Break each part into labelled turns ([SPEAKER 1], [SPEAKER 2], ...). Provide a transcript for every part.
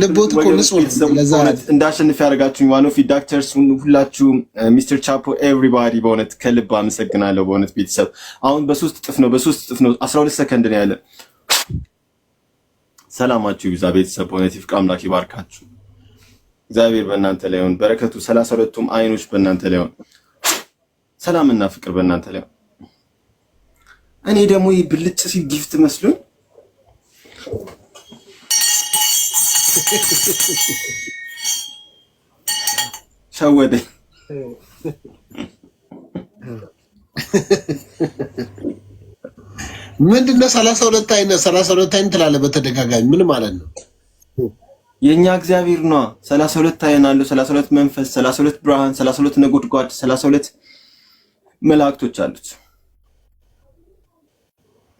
[SPEAKER 1] ልቦት እኮ
[SPEAKER 2] እንዳሸንፍ ያደርጋችሁኝ ዋኖ ዳክተርስ ሁላችሁም፣ ሚስተር ቻፖ ኤቭሪባዲ፣ በእውነት ከልብ አመሰግናለሁ። በእውነት ቤተሰብ አሁን በሶስት እጥፍ ነው፣ በሶስት እጥፍ ነው። አስራ ሁለት ሰከንድ ነው ያለ። ሰላማችሁ ይብዛ ቤተሰብ፣ በእውነት ይፍቅ አምላክ ይባርካችሁ። እግዚአብሔር በእናንተ ላይ ሆን፣ በረከቱ ሰላሳ ሁለቱም አይኖች በእናንተ ላይ ሆን፣ ሰላምና ፍቅር በእናንተ ላይ ሆን። እኔ ደግሞ ይህ ብልጭ ሲል ጊፍት መስሉኝ ሸወደ
[SPEAKER 1] ምንድን ነው ሰላሳ ሁለት አይነት ሰላሳ ሁለት አይነት ትላለህ በተደጋጋሚ ምን ማለት ነው?
[SPEAKER 2] የእኛ እግዚአብሔር ነዋ። ሰላሳ ሁለት አይን አለው፣ ሰላሳ ሁለት መንፈስ፣ ሰላሳ ሁለት ብርሃን፣ ሰላሳ ሁለት ነጎድጓድ፣ ሰላሳ ሁለት መላእክቶች አሉት።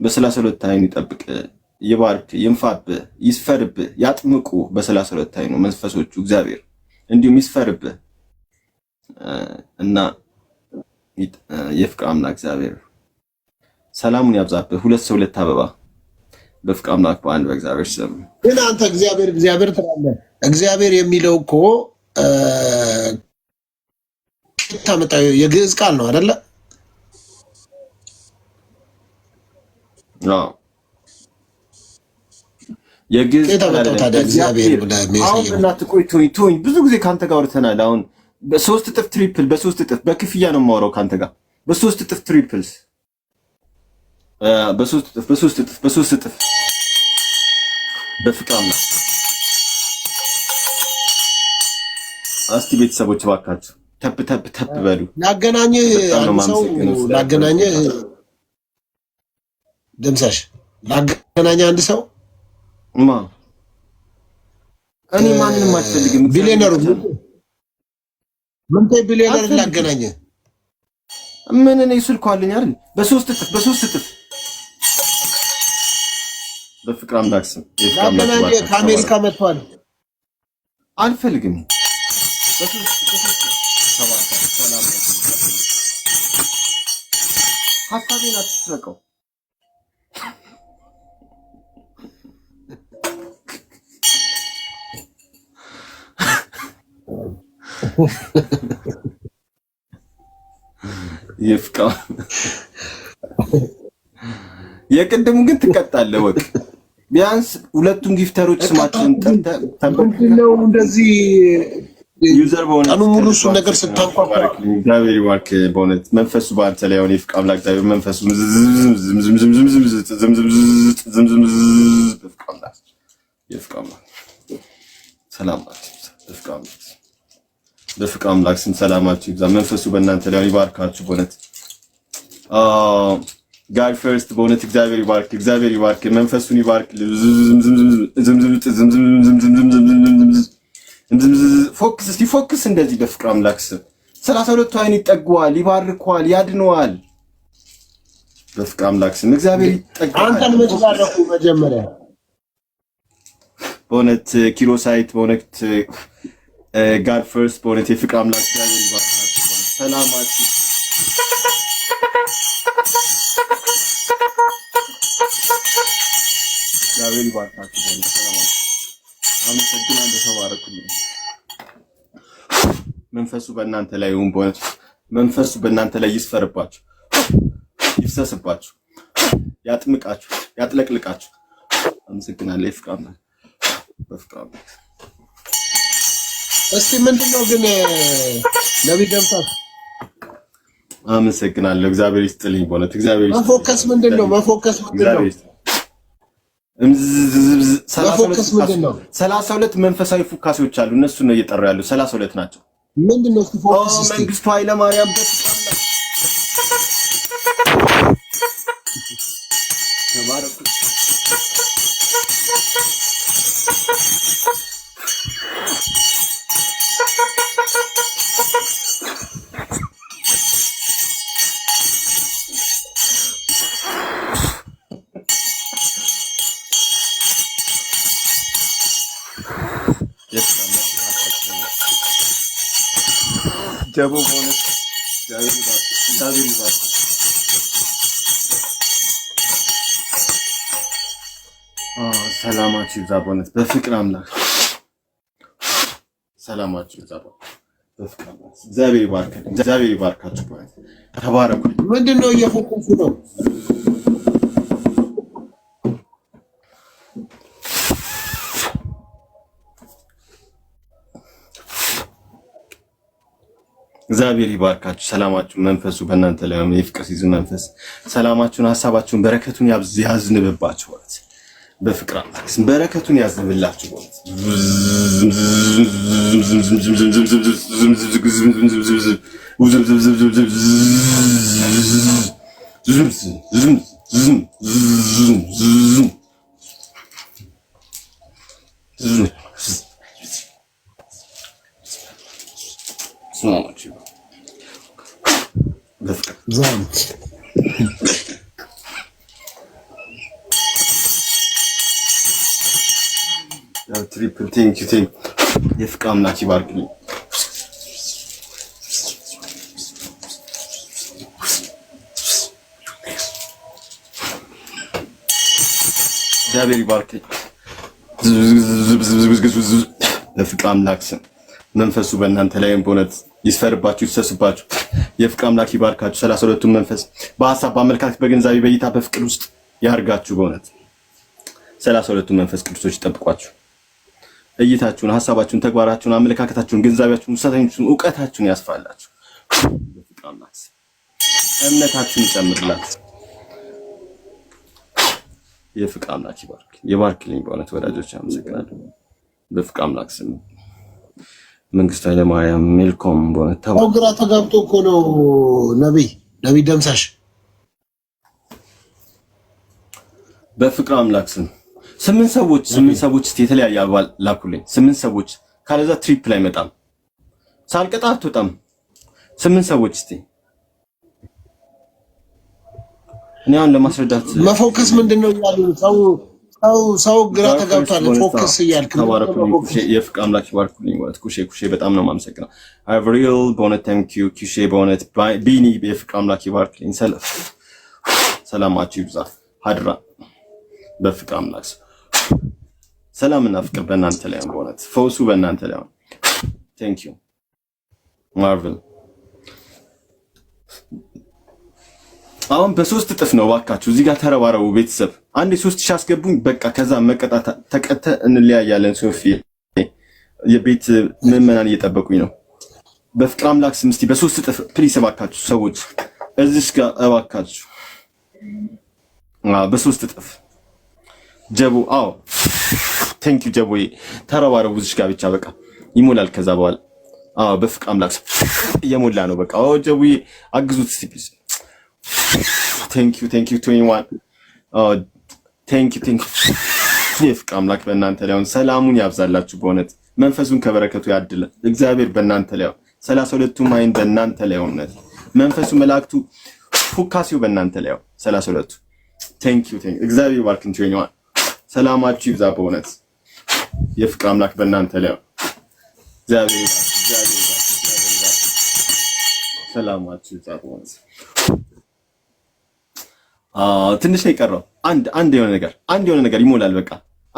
[SPEAKER 2] በሰላሳ ሁለት አይኑ ይጠብቅ ይባርክ፣ ይንፋብህ፣ ይስፈርብህ፣ ያጥምቁ በሰላሳ ሁለት አይኑ መንፈሶቹ እግዚአብሔር እንዲሁም ይስፈርብህ እና የፍቅር አምላክ እግዚአብሔር ሰላሙን ያብዛብህ። ሁለት ሰው ሁለት አበባ በፍቅር አምላክ በአንድ በእግዚአብሔር ስም።
[SPEAKER 1] ግን አንተ እግዚአብሔር እግዚአብሔር ትላለህ። እግዚአብሔር የሚለው እኮ ታመጣው የግዕዝ ቃል ነው አይደለ?
[SPEAKER 2] አዎ የግዝ እናት ቆይ ቶኝ ቶኝ ብዙ ጊዜ ከአንተ ጋር አውርተናል። አሁን በሶስት እጥፍ ትሪፕል በሶስት እጥፍ በክፍያ ነው የማወራው ከአንተ ጋር በሶስት እጥፍ ትሪፕልስ በሶስት እጥፍ በሶስት እጥፍ በሶስት እጥፍ በፍቅር አምላክ እስቲ ቤተሰቦች እባካችሁ ተብ ተብ ተብ በሉ።
[SPEAKER 1] ላገናኝ ሰው ላገናኝ ደምሳሽ ላገናኝ አንድ ሰው
[SPEAKER 2] እኔ ማንንም አልፈልግም።
[SPEAKER 1] ቢሊዮነሩ ምን ተይ፣ ቢሊዮነር ላገናኘ
[SPEAKER 2] ምን እኔ ስልኩ አለኝ አይደል? በሶስት እጥፍ በሶስት እጥፍ በፍቅር አምላክ ስም
[SPEAKER 1] ከአሜሪካ መጥቷል። አልፈልግም ሀሳቤን አትስረቀው።
[SPEAKER 2] ይፍቃ የቅድሙ ግን ትቀጣለህ። ወቅ ቢያንስ ሁለቱን ጊፍተሮች ስማቸውን
[SPEAKER 1] ጠርተህ እንደዚህ ዩዘር በሆነ ቀኑ ሙሉ እሱን ነገር ስታንኳኳ
[SPEAKER 2] እግዚአብሔር ይባርክ። በእውነት መንፈሱ በአንተ ላይ አሁን ይፍቃ አምላክ እግዚአብሔር መንፈሱ በፍቅ አምላክ ስም ሰላማችሁ ይብዛ። መንፈሱ በእናንተ ላይ ይባርካችሁ። በእውነት ጋድ ፈርስት በእውነት እግዚአብሔር ይባርክ፣ እግዚአብሔር ይባርክ፣ መንፈሱን ይባርክ። ፎክስ እስቲ ፎክስ። እንደዚህ በፍቅር አምላክ ስም ሰላሳ ሁለቱ አይን ይጠግዋል፣ ይባርከዋል፣ ያድነዋል። በፍቅር አምላክ ስም እግዚአብሔር
[SPEAKER 1] ይጠግዋል። መጀመሪያ
[SPEAKER 2] በእውነት ኪሮሳይት በእውነት ጋድ ፈርስት በእውነት የፍቅር አምላክ ሰላማችሁ መንፈሱ በእናንተ ላይ ይሁን። በእውነት መንፈሱ በእናንተ ላይ ይስፈርባችሁ፣ ይፍሰስባችሁ፣ ያጥምቃችሁ፣ ያጥለቅልቃችሁ። አመሰግናለሁ። የፍቅር አምላክ በፍቅር አምላክ
[SPEAKER 1] እስቲ ምንድነው ግን ለቢ ደምታት
[SPEAKER 2] አመሰግናለሁ። እግዚአብሔር ይስጥልኝ። በእውነት እግዚአብሔር ይስጥልኝ።
[SPEAKER 1] መፎከስ ምንድነው? መፎከስ ምንድነው?
[SPEAKER 2] ሰላሳ ሁለት መንፈሳዊ ፉካሴዎች አሉ። እነሱ ነው እየጠሩ ያሉ ሰላሳ ሁለት ናቸው።
[SPEAKER 1] ምንድነው ፉካስ?
[SPEAKER 2] መንግስቱ ኃይለማርያም ደቡ ሆነ እግዚአብሔር ይባርክ፣ ሰላማችሁ ይብዛ በእውነት በፍቅር አምላክ ሰላማችሁ ይብዛ በፍቅር አምላክ። እግዚአብሔር ይባርካችሁ። ተባረኩ።
[SPEAKER 1] ምንድን ነው እየፎከሱ ነው?
[SPEAKER 2] እግዚአብሔር ይባርካችሁ። ሰላማችሁን፣ መንፈሱ በእናንተ ላይ የፍቅር ሲዝን መንፈስ ሰላማችሁን፣ ሀሳባችሁን፣ በረከቱን ያዝንብባችሁ ማለት በፍቅር አምላክ ስም በረከቱን ያዝንብላችሁ ማለት ነው። Zant. ያው ትሪፕል ቴንክ ዩ ቴንክ የፍቅ አምላክ ይባርክልኝ። እግዚአብሔር ይባርክልኝ። በፍቅ አምላክ ስም መንፈሱ በእናንተ ላይም በእውነት ይስፈርባችሁ፣ ይሰስባችሁ። የፍቅር አምላክ ይባርካችሁ። ሰላሳ ሁለቱን መንፈስ በሀሳብ በአመለካከት በግንዛቤ በእይታ በፍቅር ውስጥ ያርጋችሁ። በእውነት ሰላሳ ሁለቱን መንፈስ ቅዱሶች ይጠብቋችሁ። እይታችሁን፣ ሀሳባችሁን፣ ተግባራችሁን፣ አመለካከታችሁን፣ ግንዛቤያችሁን፣ ውሳታችሁን፣ እውቀታችሁን ያስፋላችሁ። የፍቅር አምላክ እምነታችሁን ይጨምርላችሁ። የፍቅር አምላክ ይባርክ ይባርክልኝ። በእውነት ወዳጆች አመሰግናለሁ። በፍቅር አምላክ ስም መንግስት ኃይለማርያም ሜልኮም በመታው
[SPEAKER 1] ግራ ተጋብቶ እኮ ነው። ነቢይ ነቢይ ደምሳሽ
[SPEAKER 2] በፍቅር አምላክ ስም ስምንት ሰዎች ስምንት ሰዎች እስቲ የተለያየ አባል ላኩልኝ። ስምንት ሰዎች ካለዛ ትሪፕ ላይ መጣም ሳልቀጣ አትወጣም። ስምንት ሰዎች እስቲ እኔ አሁን ለማስረዳት
[SPEAKER 1] መፎከስ ምንድን ነው ያሉ ሰው ሰው ግራ ተጋብቷል። ፎከስ እያልክ
[SPEAKER 2] የፍቅ አምላክ ይባርኩልኝ። ኩሼ ኩሼ በጣም ነው የማመሰግነው። አብሪል በእውነት ተንኪ ኩሼ በእውነት ቢኒ የፍቅ አምላክ ይባርክልኝ። ሰላማችሁ ይብዛ። ሀድራ በፍቅ አምላክ ሰላምና ፍቅር በእናንተ ላይ በእውነት ፈውሱ በእናንተ ላይ ቴንኪዩ ማርቨል አሁን በሶስት እጥፍ ነው። ባካችሁ እዚህ ጋር ተረባረቡ ቤተሰብ። አንድ ሶስት ሺህ አስገቡኝ በቃ። ከዛ መቀጣት ተቀተ እንለያያለን። ሶፊ የቤት ምዕመናን እየጠበቁኝ ነው። በፍቅር አምላክ ስም እስኪ በሶስት እጥፍ ፕሊስ እባካችሁ ሰዎች እዚህ ጋር እባካችሁ በሶስት እጥፍ ጀቦ። አዎ ቴንክ ዩ ጀቦዬ። ተረባረቡ እዚህ ጋር ብቻ በቃ ይሞላል። ከዛ በኋላ አዎ በፍቅር አምላክ ስም እየሞላ ነው በቃ። አዎ ጀቦዬ አግዙት ፕሊስ ቴንክ ዩ ቴንክ ዩ ቱኒዋን ቴንክ ዩ ቴንክ ዩ የፍቅ አምላክ በእናንተ ላይ አሁን ሰላሙን ያብዛላችሁ። በእውነት መንፈሱን ከበረከቱ ያድለ እግዚአብሔር በእናንተ ላይ አሁን ሰላሳ ሁለቱም አይን በእናንተ ላይ እውነት መንፈሱ መላእክቱ ሁካሴው በእናንተ ላይ አሁን ሰላሳ ሁለቱ ቴንክ ዩ ቴንክ እግዚአብሔር ባርክን ቱኒዋን ሰላማችሁ ይብዛ። በእውነት የፍቅ አምላክ በእናንተ ላይ አሁን እግዚአብሔር ሰላማችሁ ይብዛ በእውነት ትንሽ ነው የቀረው። አንድ አንድ የሆነ ነገር አንድ የሆነ ነገር ይሞላል። በቃ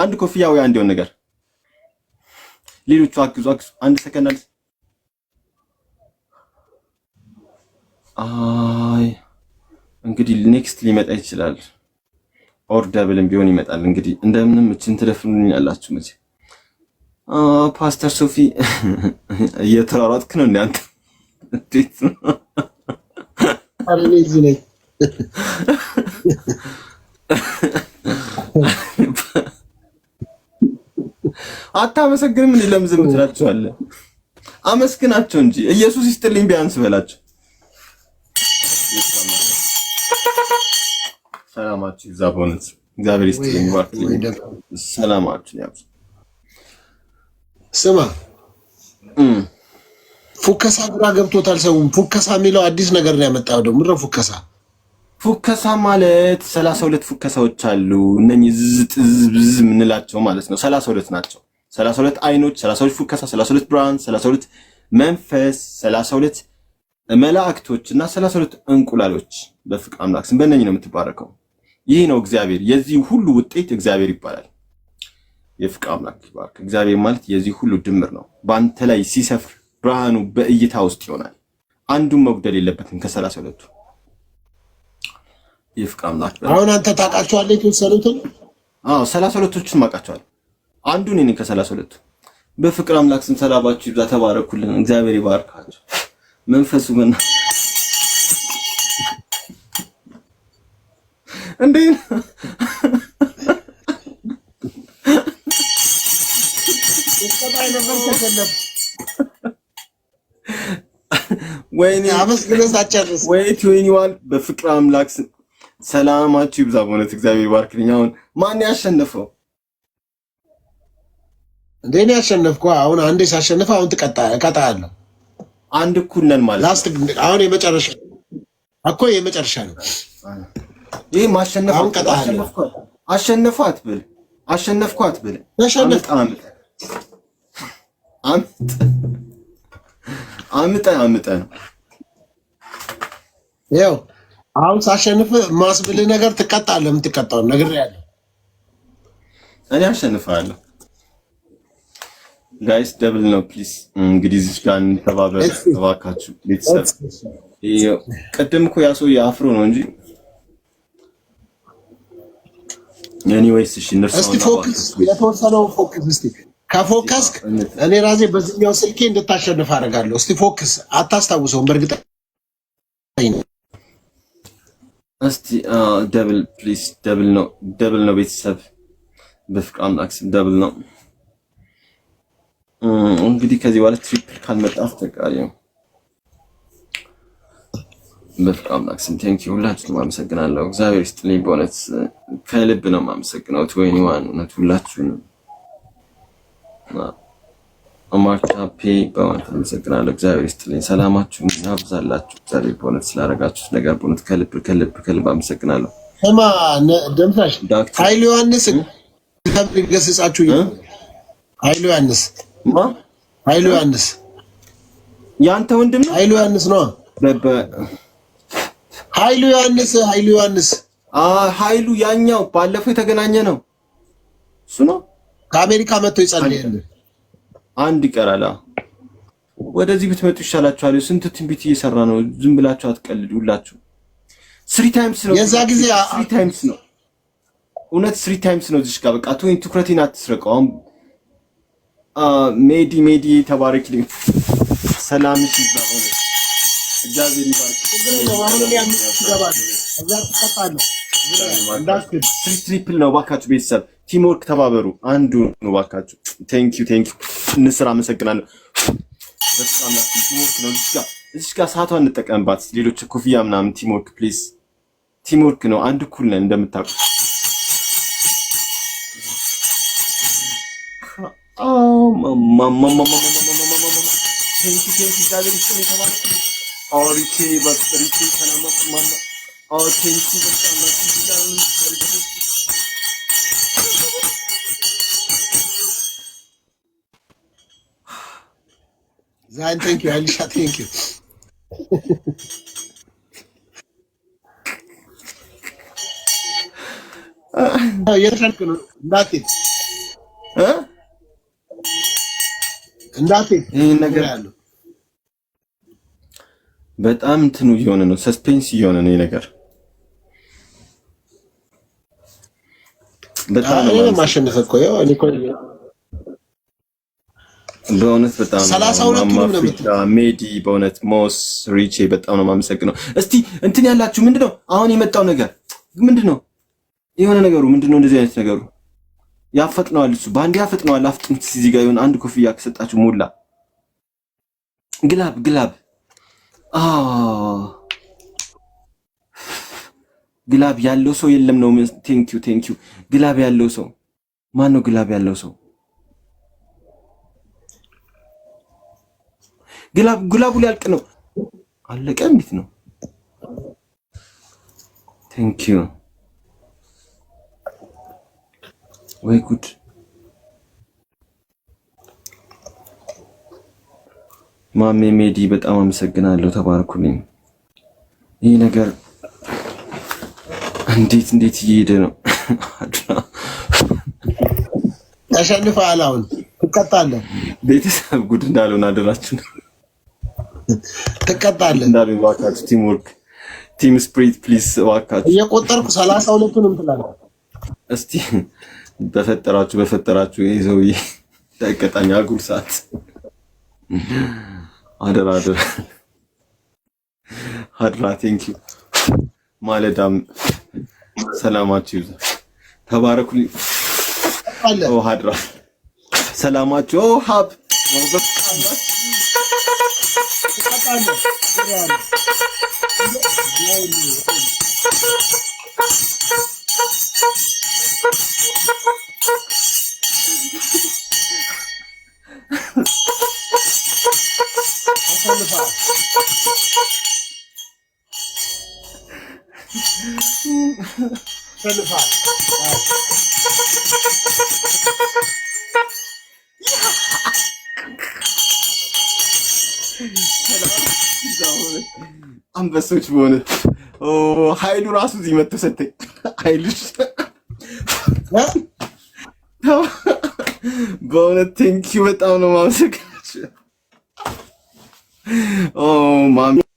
[SPEAKER 2] አንድ ኮፍያ ወይ አንድ የሆነ ነገር። ሌሎቹ አግዙ አግዙ። አንድ ሰከንድ አይ እንግዲህ ኔክስት ሊመጣ ይችላል። ኦር ደብልም ቢሆን ይመጣል። እንግዲህ እንደምንም እችን ትደፍኑልኝ አላችሁ መቼ። ፓስተር ሶፊ እየተሯሯጥክ ነው እንዴ አንተ? እንዴት ነው? እዚህ ነኝ አታመሰግን ምን ለምን ዝም ትላቸዋለህ? አመስግናቸው እንጂ ኢየሱስ ይስጥልኝ ቢያንስ በላቸው። ሰላማችሁ ይብዛ። በእውነት እግዚአብሔር ይስጥልኝ። ባርክ። ሰላማችሁ ያብዛ።
[SPEAKER 1] ስማ ፉከሳ ግራ ገብቶታል። ሰውም ፉከሳ የሚለው አዲስ ነገር ነው ያመጣው። ደግሞ ምድረ ፉከሳ
[SPEAKER 2] ፉከሳ ማለት ሰላሳ ሁለት ፉከሳዎች አሉ። እነኚህ ዝዝዝ የምንላቸው ማለት ነው። ሰላሳ ሁለት ናቸው። ሰላሳ ሁለት አይኖች፣ ሰላሳ ሁለት ፉከሳ፣ ሰላሳ ሁለት ብርሃን፣ ሰላሳ ሁለት መንፈስ፣ ሰላሳ ሁለት መላእክቶች እና ሰላሳ ሁለት እንቁላሎች በፍቅ አምላክ ስም በእነኚህ ነው የምትባረከው። ይህ ነው እግዚአብሔር። የዚህ ሁሉ ውጤት እግዚአብሔር ይባላል። የፍቅ አምላክ ይባርክ። እግዚአብሔር ማለት የዚህ ሁሉ ድምር ነው። በአንተ ላይ ሲሰፍር ብርሃኑ በእይታ ውስጥ ይሆናል። አንዱን መጉደል የለበትም ከሰላሳ ሁለቱ ይፍቃ አምላክ
[SPEAKER 1] አሁን አንተ ታውቃቸዋለህ የተወሰኑትን?
[SPEAKER 2] አዎ ሰላሳ ሁለቶቹን ማውቃቸዋለሁ። አንዱ እኔ ነኝ ከሰላሳ ሁለቱ። በፍቅር አምላክ ስም ሰላማችሁ ይብዛ። ተባረኩልን። እግዚአብሔር ይባርካችሁ። መንፈሱ ምን እንዴ ወይኔ አመስግነህ ሳትጨርስ ወይ ትዌኒ በፍቅር አምላክ ሰላማችሁ ይብዛ። በእውነት እግዚአብሔር ባርክልኝ። አሁን ማን ያሸነፈው?
[SPEAKER 1] እንደኔ ያሸነፍኩ። አሁን አንዴ ሳሸንፍ አሁን ትቀጣለህ። አንድ እኩል ነን ማለት
[SPEAKER 2] ላስት። አሁን የመጨረሻ
[SPEAKER 1] እኮ የመጨረሻ ነው ይሄ ማሸነፍ።
[SPEAKER 2] አሁን ቀጣለህ።
[SPEAKER 1] አሸነፍኩ ብል አሸነፍኩ አትብል። ተሸነፍኩ አምጥ
[SPEAKER 2] አምጠ አምጠ ነው
[SPEAKER 1] ያው አሁን ሳሸንፍ ማስብልህ ነገር ትቀጣለህ። የምትቀጣውን ነግሬሃለሁ።
[SPEAKER 2] እኔ አሸንፋለሁ። ጋይስ ደብል ነው ፕሊስ። እንግዲህ እዚህ ጋር እንተባበር እባካችሁ ቤተሰብ። ቅድም እኮ ያሰው የአፍሮ ነው እንጂ ኤኒዌይስ። እሺ
[SPEAKER 1] እስኪ ፎከስ፣ የተወሰነው ፎከስ። እስቲ። ከፎከስክ እኔ ራሴ በዚህኛው ስልኬ እንድታሸንፍ አደርጋለሁ። እስቲ ፎከስ። አታስታውሰውም በእርግጠኝነት
[SPEAKER 2] እስቲ ደብል ፕሊስ፣ ደብል ነው፣ ደብል ነው ቤተሰብ። በፍቅር አምላክ ስም ደብል ነው። እንግዲህ ከዚህ በኋላ ትሪፕል ካልመጣ አስቸጋሪ ነው። በፍቅር አምላክ ስም ቴንኪ፣ ሁላችሁም አመሰግናለሁ። እግዚአብሔር ይስጥልኝ፣ በእውነት ከልብ ነው የማመሰግነው። ወይኒ ዋን እውነት ሁላችሁንም ማርቻፔ በእውነት አመሰግናለሁ። እግዚአብሔር ይስጥልኝ። ሰላማችሁን ያብዛላችሁ። እግዚአብሔር በእውነት ስላደረጋችሁት ነገር በእውነት ከልብ ከልብ ከልብ አመሰግናለሁ።
[SPEAKER 1] እማ ደምሳሽ ኃይሉ ዮሐንስ እግዚአብሔር ገስጻችሁ። ኃይሉ ዮሐንስ ኃይሉ ዮሐንስ ያንተ ወንድም ነው። ኃይሉ ዮሐንስ ነው። በበ ኃይሉ ዮሐንስ ኃይሉ ዮሐንስ ኃይሉ ያኛው ባለፈው የተገናኘ ነው። እሱ ነው ከአሜሪካ መጥቶ ይጸልያል።
[SPEAKER 2] አንድ ይቀራል። ወደዚህ ብትመጡ ይሻላችኋል። ስንት ትንቢት እየሰራ ነው። ዝም ብላችሁ አትቀልዱ። ሁላችሁ ስሪ ታይምስ ነው የዛ ጊዜ ስሪ ታይምስ ነው እውነት ስሪ ታይምስ ነው። እዚህ ጋር በቃ ቶይን ትኩረቴን አትስረቀው። አሁን ሜዲ ሜዲ ተባረክ። ሰላምሽ ይዛ ሆነ እግዚአብሔር ይባርክ። ትሪፕል ነው ባካችሁ። ቤተሰብ ቲምወርክ ተባበሩ። አንዱ ነው ባካችሁ። ቴንክ ዩ ቴንክ ዩ ንስር አመሰግናለሁ። ነው እዚህ ጋር ሰዓቷ እንጠቀምባት። ሌሎች ኮፍያ ምናምን ቲምወርክ ፕሊዝ፣ ቲምወርክ ነው። አንድ እኩል ነን እንደምታውቁ። ሪቴ በጣም ዛን ቴንክ ዩ አሊሻ ቴንክ ዩ። የተሻልክ ነው እንዳትሄድ እ እንዳትሄድ ነገር ያለው በጣም እንትኑ እየሆነ ነው፣ ሰስፔንስ እየሆነ ነው ነገር በጣም ነው ማሸነፍ እኮ በእውነት በጣም ሜዲ በእውነት ሞስ ሪቼ በጣም ነው የማመሰግነው። እስቲ እንትን ያላችሁ ምንድን ነው አሁን የመጣው ነገር ምንድን ነው? የሆነ ነገሩ ምንድን ነው? እንደዚህ አይነት ነገሩ ያፈጥነዋል። እሱ በአንድ ያፈጥነዋል። አፍጥንት እዚህ ጋር የሆነ አንድ ኮፍያ ከሰጣችሁ ሞላ ግላብ ግላብ ግላብ ያለው ሰው የለም ነው። ቴንኪው ቴንኪው። ግላብ ያለው ሰው ማን ነው? ግላብ ያለው ሰው ግላቡ ሊያልቅ ነው። አለቀ። እንዴት ነው? ቴንክ ዩ። ወይ ጉድ! ማሜ ሜዲ በጣም አመሰግናለሁ። ተባርኩልኝ። ይህ ነገር እንዴት እንዴት እየሄደ ነው? ተሸንፈሃል። አሁን ትቀጣለህ። ቤተሰብ ጉድ እንዳልሆን አደራችሁ ነው። ትቀጣለህ። እባካችሁ ቲም ወርክ ቲም ስፕሪት ፕሊስ፣ እባካችሁ እየቆጠርኩ ሰላሳ ሁለቱንም ትላለህ። እስቲ በፈጠራችሁ በፈጠራችሁ ይሄ ሰውዬ አጉል ሰዓት አደራ አደራ አድራ። ቴንክ ዩ ማለዳም ሰላማችሁ ይብዛ። ተባረኩልኝ። ሀድራ ሰላማችሁ ሰላማችሁ ሀብ ano, por ano. Ganho. Vou levar. አንበሶች በሆነ ኃይሉ ራሱ እዚህ መጥቶ ሰጠኝ። ኃይልሽ በእውነት ቴንኪው በጣም ነው ማመሰግናቸው።